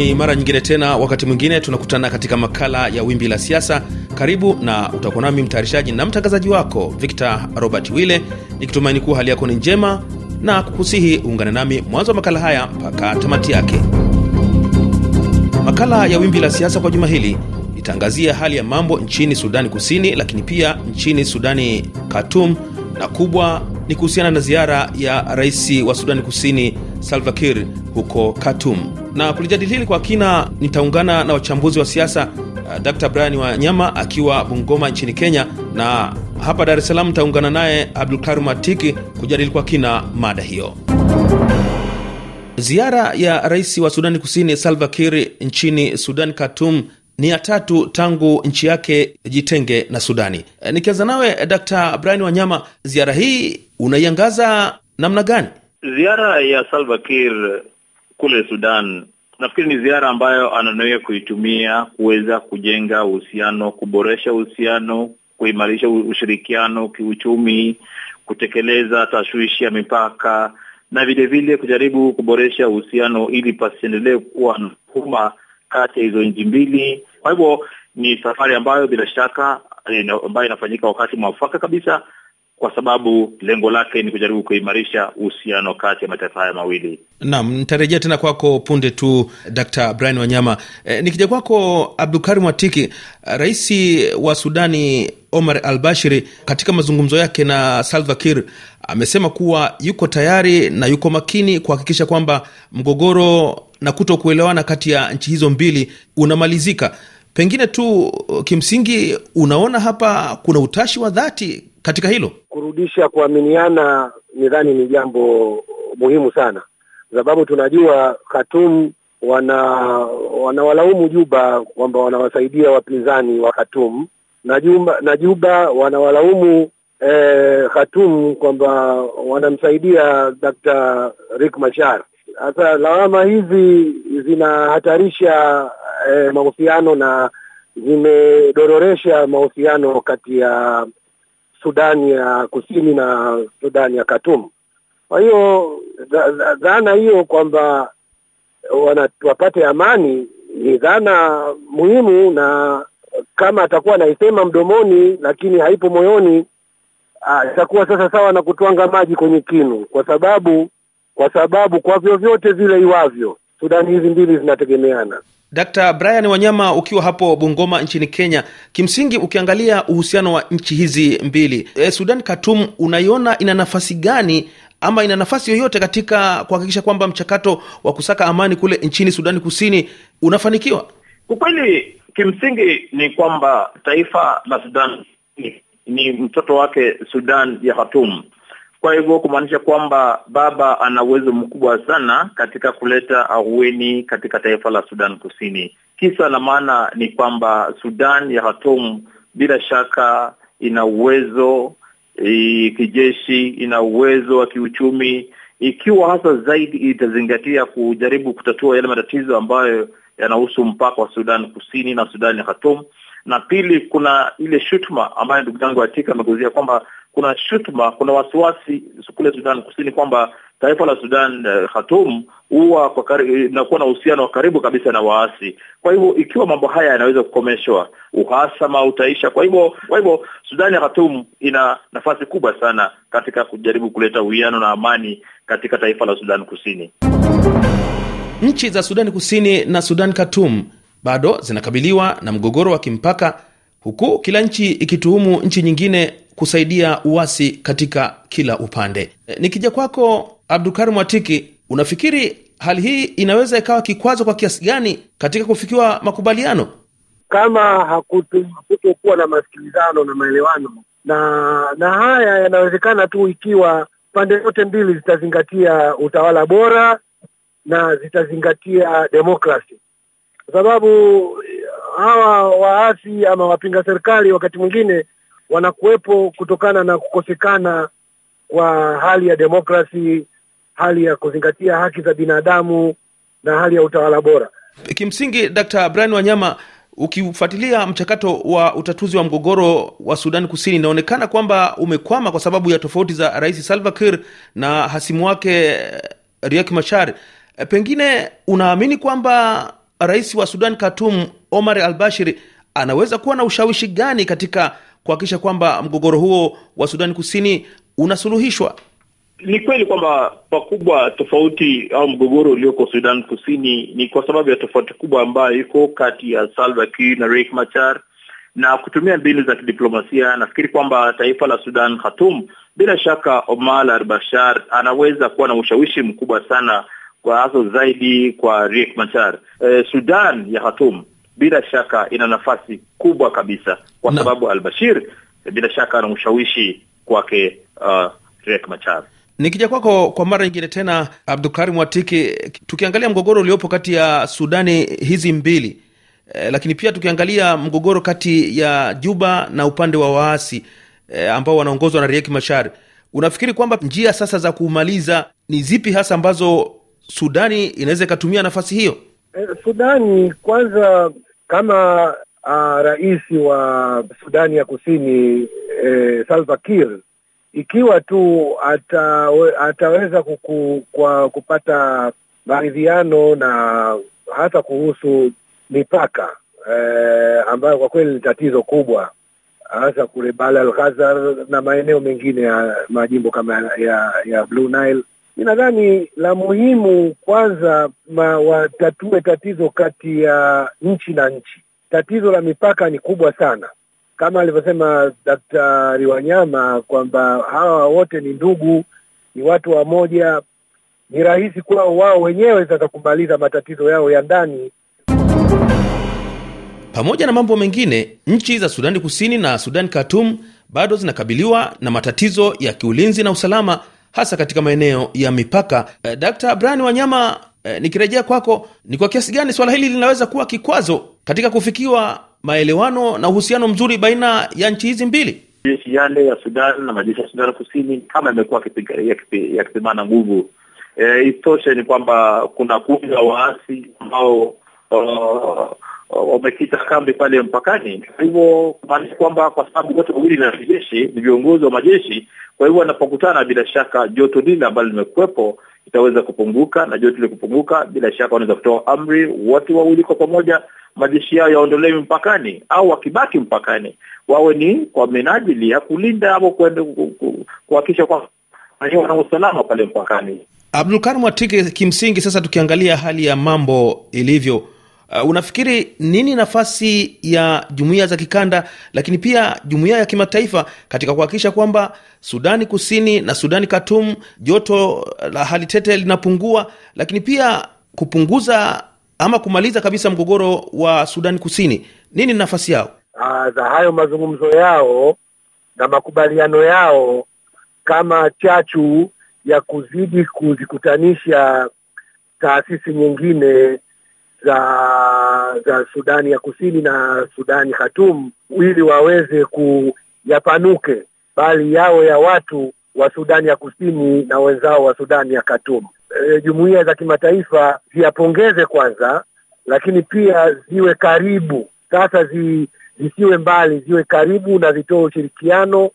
Ni mara nyingine tena, wakati mwingine tunakutana katika makala ya Wimbi la Siasa. Karibu na utakuwa nami mtayarishaji na mtangazaji wako victo Robert Wille, nikitumaini kuwa hali yako ni njema na kukusihi uungane nami mwanzo wa makala haya mpaka tamati yake. Makala ya Wimbi la Siasa kwa juma hili itaangazia hali ya mambo nchini Sudani Kusini, lakini pia nchini Sudani Khartoum, na kubwa ni kuhusiana na ziara ya rais wa Sudani Kusini salvakir huko Khartoum na kulijadili hili kwa kina nitaungana na wachambuzi wa siasa uh, Dr. Brian Wanyama akiwa Bungoma nchini Kenya, na hapa Dar es Salaam nitaungana naye Abdulkarim Atiki kujadili kwa kina mada hiyo. Ziara ya rais wa Sudani Kusini Salva nchini Sudan, khartum ni ya tatu tangu nchi yake jitenge na Sudani. Eh, nikianza nawe Dr. Brian Wanyama, ziara hii unaiangaza namna gani? Ziara ya Salva kule Sudan. Nafikiri ni ziara ambayo ananuia kuitumia kuweza kujenga uhusiano, kuboresha uhusiano, kuimarisha ushirikiano kiuchumi, kutekeleza tashwishi ya mipaka na vile vile kujaribu kuboresha uhusiano ili pasiendelee kuwa na huma kati ya hizo nchi mbili. Kwa hivyo ni safari ambayo bila shaka eh, ambayo inafanyika wakati mwafaka kabisa kwa sababu lengo lake ni kujaribu kuimarisha uhusiano kati ya mataifa haya mawili. nam nitarejea tena kwako punde tu, d Brian Wanyama. E, nikija kwako Abdulkarim Watiki, rais wa Sudani Omar al Bashiri katika mazungumzo yake na salvakir amesema kuwa yuko tayari na yuko makini kuhakikisha kwamba mgogoro na kuto kuelewana kati ya nchi hizo mbili unamalizika. Pengine tu eh, kimsingi, unaona hapa kuna utashi wa dhati katika hilo? Kurudisha kuaminiana nidhani ni jambo muhimu sana, sababu tunajua Khartoum wana wanawalaumu Juba kwamba wanawasaidia wapinzani wa Khartoum na Juba, na Juba wanawalaumu eh, Khartoum kwamba wanamsaidia Dkt. Riek Machar. Sasa lawama hizi zinahatarisha eh, mahusiano na zimedororesha mahusiano kati ya Sudani ya Kusini na Sudani ya Khartoum. Kwa hiyo dhana hiyo kwamba wapate amani ni dhana muhimu, na kama atakuwa anaisema mdomoni lakini haipo moyoni, itakuwa sasa sawa na kutwanga maji kwenye kinu, kwa sababu kwa sababu kwa vyovyote vile iwavyo Sudani hizi mbili zinategemeana. Dkt. Brian Wanyama, ukiwa hapo Bungoma nchini Kenya, kimsingi ukiangalia uhusiano wa nchi hizi mbili e, Sudan Khartoum unaiona ina nafasi gani ama ina nafasi yoyote katika kuhakikisha kwamba mchakato wa kusaka amani kule nchini Sudani Kusini unafanikiwa? Ukweli kimsingi ni kwamba taifa la Sudan ni, ni mtoto wake Sudan ya Khartoum kwa hivyo kumaanisha kwamba baba ana uwezo mkubwa sana katika kuleta ahueni katika taifa la Sudan Kusini. Kisa na maana ni kwamba Sudan ya Khartoum bila shaka ina uwezo kijeshi, ina uwezo wa kiuchumi, ikiwa hasa zaidi itazingatia kujaribu kutatua yale matatizo ambayo yanahusu mpaka wa Sudan Kusini na Sudan ya Khartoum. Na pili, kuna ile shutuma ambayo ndugu yangu Atika ameguzia kwamba kuna shutuma, kuna wasiwasi kule Sudan Kusini kwamba taifa la Sudan uh, Khartoum huwa inakuwa na uhusiano wa karibu kabisa na waasi. Kwa hivyo ikiwa mambo haya yanaweza kukomeshwa, uhasama utaisha. Kwa hivyo kwa hivyo Sudani ya Khartoum ina nafasi kubwa sana katika kujaribu kuleta uwiano na amani katika taifa la Sudan Kusini. Nchi za Sudan Kusini na Sudan Khartoum bado zinakabiliwa na mgogoro wa kimpaka, huku kila nchi ikituhumu nchi nyingine kusaidia uasi katika kila upande. Eh, nikija kwako abdukari Mwatiki, unafikiri hali hii inaweza ikawa kikwazo kwa kiasi gani katika kufikiwa makubaliano? Kama hakutokuwa na masikilizano na maelewano, na na haya yanawezekana tu ikiwa pande zote mbili zitazingatia utawala bora na zitazingatia demokrasi, kwa sababu eh, hawa waasi ama wapinga serikali wakati mwingine wanakuwepo kutokana na kukosekana kwa hali ya demokrasi, hali ya kuzingatia haki za binadamu na hali ya utawala bora. Kimsingi, Dr. Brian Wanyama, ukifuatilia mchakato wa utatuzi wa mgogoro wa Sudan Kusini, inaonekana kwamba umekwama kwa sababu ya tofauti za Rais Salva Kiir na hasimu wake eh, Riek Machar. Eh, pengine unaamini kwamba rais wa Sudan Khartoum Omar al-Bashir anaweza kuwa na ushawishi gani katika kuhakikisha kwamba mgogoro huo wa Sudani Kusini unasuluhishwa? Ni kweli kwamba pakubwa tofauti au mgogoro ulioko Sudan Kusini ni kwa sababu ya tofauti kubwa ambayo iko kati ya salvak na rek Machar, na kutumia mbinu za kidiplomasia, nafikiri kwamba taifa la Sudan khatum bila shaka omal al bashar anaweza kuwa na ushawishi mkubwa sana, kwa hasa zaidi kwa Riek Machar. Eh, Sudan ya khatum bila shaka ina nafasi kubwa kabisa kwa na, sababu Albashir bila shaka ana ushawishi kwake uh, Machar. Nikija kwako kwa mara nyingine tena, Abdulkarim Watiki, tukiangalia mgogoro uliopo kati ya Sudani hizi mbili e, lakini pia tukiangalia mgogoro kati ya Juba na upande wa waasi e, ambao wanaongozwa na Riek Machar, unafikiri kwamba njia sasa za kumaliza ni zipi hasa ambazo Sudani inaweza ikatumia nafasi hiyo? e, Sudani kwanza kama uh, rais wa Sudani ya Kusini eh, Salva kir ikiwa tu ata, ataweza kuku, kwa kupata maridhiano na hasa kuhusu mipaka eh, ambayo kwa kweli ni tatizo kubwa hasa kule Bala al ghazar na maeneo mengine ya majimbo kama ya, ya Blue Nile Mi nadhani la muhimu kwanza, watatue tatizo kati ya nchi na nchi. Tatizo la mipaka ni kubwa sana, kama alivyosema Daktari Wanyama kwamba hawa wote ni ndugu, ni watu wamoja. Ni rahisi kwao wao wenyewe sasa kumaliza matatizo yao ya ndani. Pamoja na mambo mengine, nchi za Sudani Kusini na Sudani Khartoum bado zinakabiliwa na matatizo ya kiulinzi na usalama hasa katika maeneo ya mipaka. Eh, Dkt. Brian Wanyama, eh, nikirejea kwako, ni kwa kiasi gani swala hili linaweza kuwa kikwazo katika kufikiwa maelewano na uhusiano mzuri baina ya nchi hizi mbili? jeshi yale ya Sudan na majeshi ya Sudan Kusini kama yamekuwa yakipimana nguvu. E, isitoshe ni kwamba kuna kundi la waasi ambao uh, wamekita kambi pale mpakani. Kwa hivyo kumaanisha kwamba kwa sababu wote wawili ni wanajeshi, ni viongozi wa majeshi, kwa hivyo wanapokutana, bila shaka joto lile ambalo limekuwepo itaweza kupunguka, na joto lile kupunguka, bila shaka wanaweza kutoa amri wote wawili kwa pamoja, majeshi yao yaondolewe mpakani au wakibaki mpakani wawe ni kwa minajili ya kulinda au kuhakikisha kwamba wana usalama pale mpakani. Abdulkarim Atike, kimsingi sasa tukiangalia hali ya mambo ilivyo Uh, unafikiri nini nafasi ya jumuiya za kikanda lakini pia jumuiya ya kimataifa katika kuhakikisha kwamba Sudani Kusini na Sudani Khartoum joto la hali tete linapungua, lakini pia kupunguza ama kumaliza kabisa mgogoro wa Sudani Kusini? Nini nafasi yao uh, za hayo mazungumzo yao na makubaliano yao kama chachu ya kuzidi kuzikutanisha taasisi nyingine za za Sudani ya Kusini na Sudani Khartoum ili waweze kuyapanuke, bali yao ya watu wa Sudani ya Kusini na wenzao wa Sudani ya Khartoum. E, jumuiya za kimataifa ziyapongeze kwanza, lakini pia ziwe karibu sasa, zi, zisiwe mbali, ziwe karibu na zitoe ushirikiano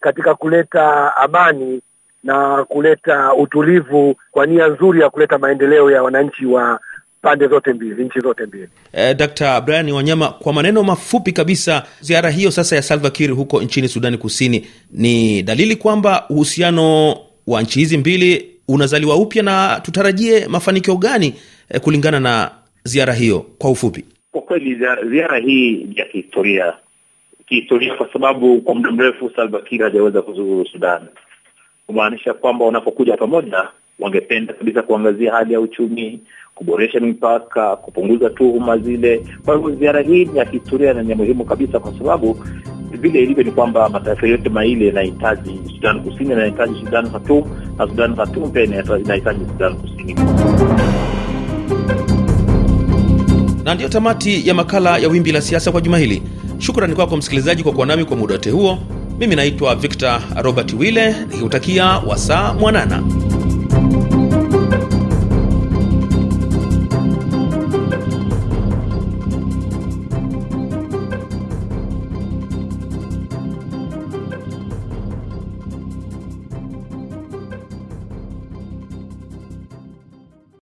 katika kuleta amani na kuleta utulivu kwa nia nzuri ya kuleta maendeleo ya wananchi wa pande zote mbili, nchi zote mbili. Eh, Dr. Brian Wanyama, kwa maneno mafupi kabisa, ziara hiyo sasa ya Salva huko nchini Sudani Kusini ni dalili kwamba uhusiano wa nchi hizi mbili unazaliwa upya na tutarajie mafanikio gani eh, kulingana na ziara hiyo kwa ufupi? Kwa kweli ziara hii ni ya kihistoria, kihistoria kwa sababu kwa muda mrefu Salva Kiir hajaweza kuzuru Sudan, kumaanisha kwamba wanapokuja pamoja wangependa kabisa kuangazia hali ya uchumi, kuboresha mipaka, kupunguza tuhuma zile. Kwa hivyo ziara hii ni ya kihistoria na ni muhimu kabisa, kwa sababu vile ilivyo ni kwamba mataifa yote maile yanahitaji. Sudan Kusini yanahitaji Sudan Khartoum na Sudan Khartoum pia inahitaji Sudan Kusini. Na ndiyo tamati ya makala ya Wimbi la Siasa kwa juma hili. Shukrani kwako msikilizaji kwa kuwa nami kwa muda wote huo. Mimi naitwa Victor Robert Wille nikikutakia wasaa mwanana.